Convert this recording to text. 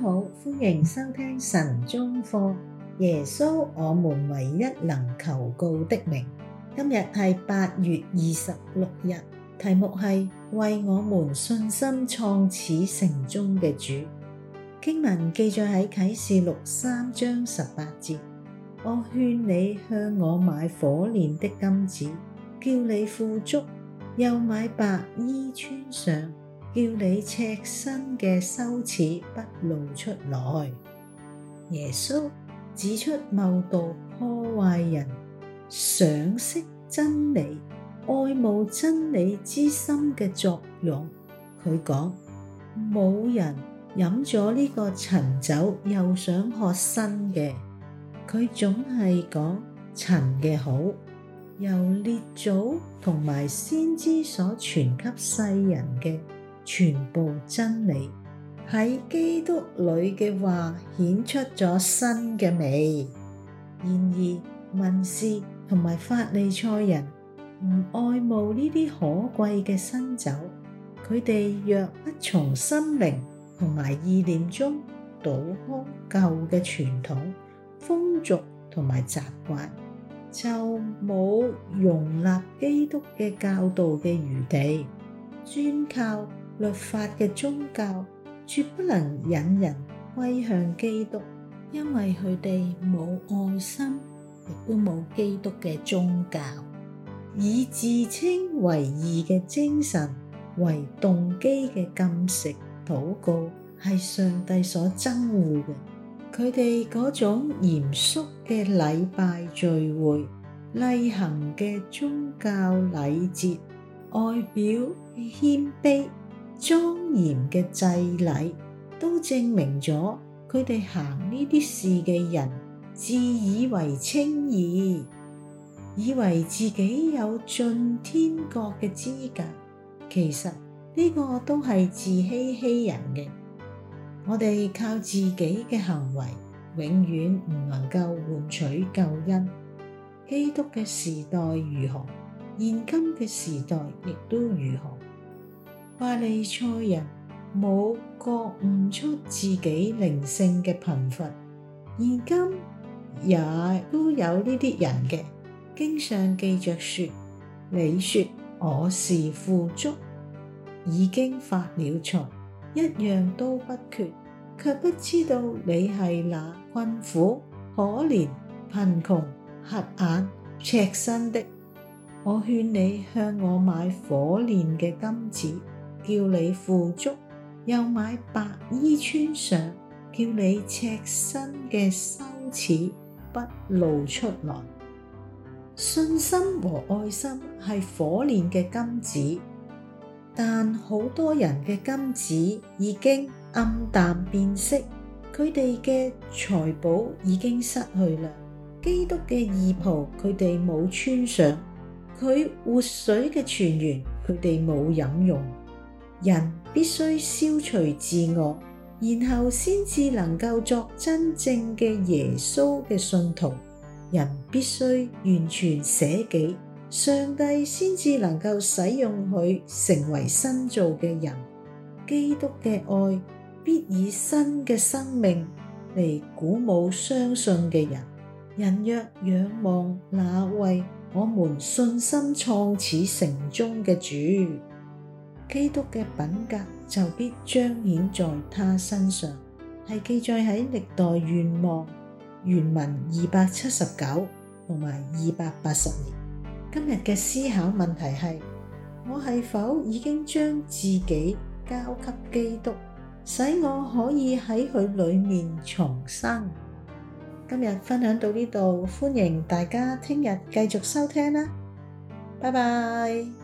好歡迎收聽神中課，耶穌，我們唯一能求告的名。今日係八月二十六日，題目係為我們信心創始成終嘅主。經文記載喺啟示錄三章十八節。我勸你向我買火煉的金子，叫你富足，又買白衣穿上。叫你赤身嘅羞恥不露出來。耶穌指出謬道破壞人賞識真理、愛慕真理之心嘅作用。佢講冇人飲咗呢個陳酒，又想學新嘅，佢總係講陳嘅好，由列祖同埋先知所傳給世人嘅。全部真理喺基督裏嘅話顯出咗新嘅美。然而，文士同埋法利賽人唔愛慕呢啲可貴嘅新酒，佢哋若不從心靈同埋意念中倒空舊嘅傳統、風俗同埋習慣，就冇容納基督嘅教導嘅餘地，專靠。律法嘅宗教，絕不能引人歸向基督，因為佢哋冇愛心，亦都冇基督嘅宗教。以自稱為義嘅精神為動機嘅禁食、禱告，係上帝所憎惡嘅。佢哋嗰種嚴肅嘅禮拜聚會、例行嘅宗教禮節，外表謙卑。莊嚴嘅祭禮都證明咗佢哋行呢啲事嘅人自以為稱義，以為自己有進天國嘅資格。其實呢、這個都係自欺欺人嘅。我哋靠自己嘅行為，永遠唔能夠換取救恩。基督嘅時代如何，現今嘅時代亦都如何。巴利賽人冇覺悟出自己靈性嘅貧乏，現今也都有呢啲人嘅，經常記著説：你説我是富足，已經發了財，一樣都不缺，卻不知道你係那困苦、可憐、貧窮、瞎眼、赤身的。我勸你向我買火煉嘅金子。叫你富足，又買白衣穿上，叫你赤身嘅羞恥不露出來。信心和愛心係火煉嘅金子，但好多人嘅金子已經暗淡變色，佢哋嘅財寶已經失去啦。基督嘅義袍，佢哋冇穿上；佢活水嘅泉源，佢哋冇飲用。人必須消除自我，然後先至能夠作真正嘅耶穌嘅信徒。人必須完全捨己，上帝先至能夠使用佢成為新造嘅人。基督嘅愛必以新嘅生命嚟鼓舞相信嘅人。人若仰望那為我們信心創始成終嘅主。基督嘅品格就必彰顯在他身上，係記載喺歷代願望原文二百七十九同埋二百八十年。今日嘅思考問題係：我是否已經將自己交給基督，使我可以喺佢裏面重生？今日分享到呢度，歡迎大家聽日繼續收聽啦！拜拜。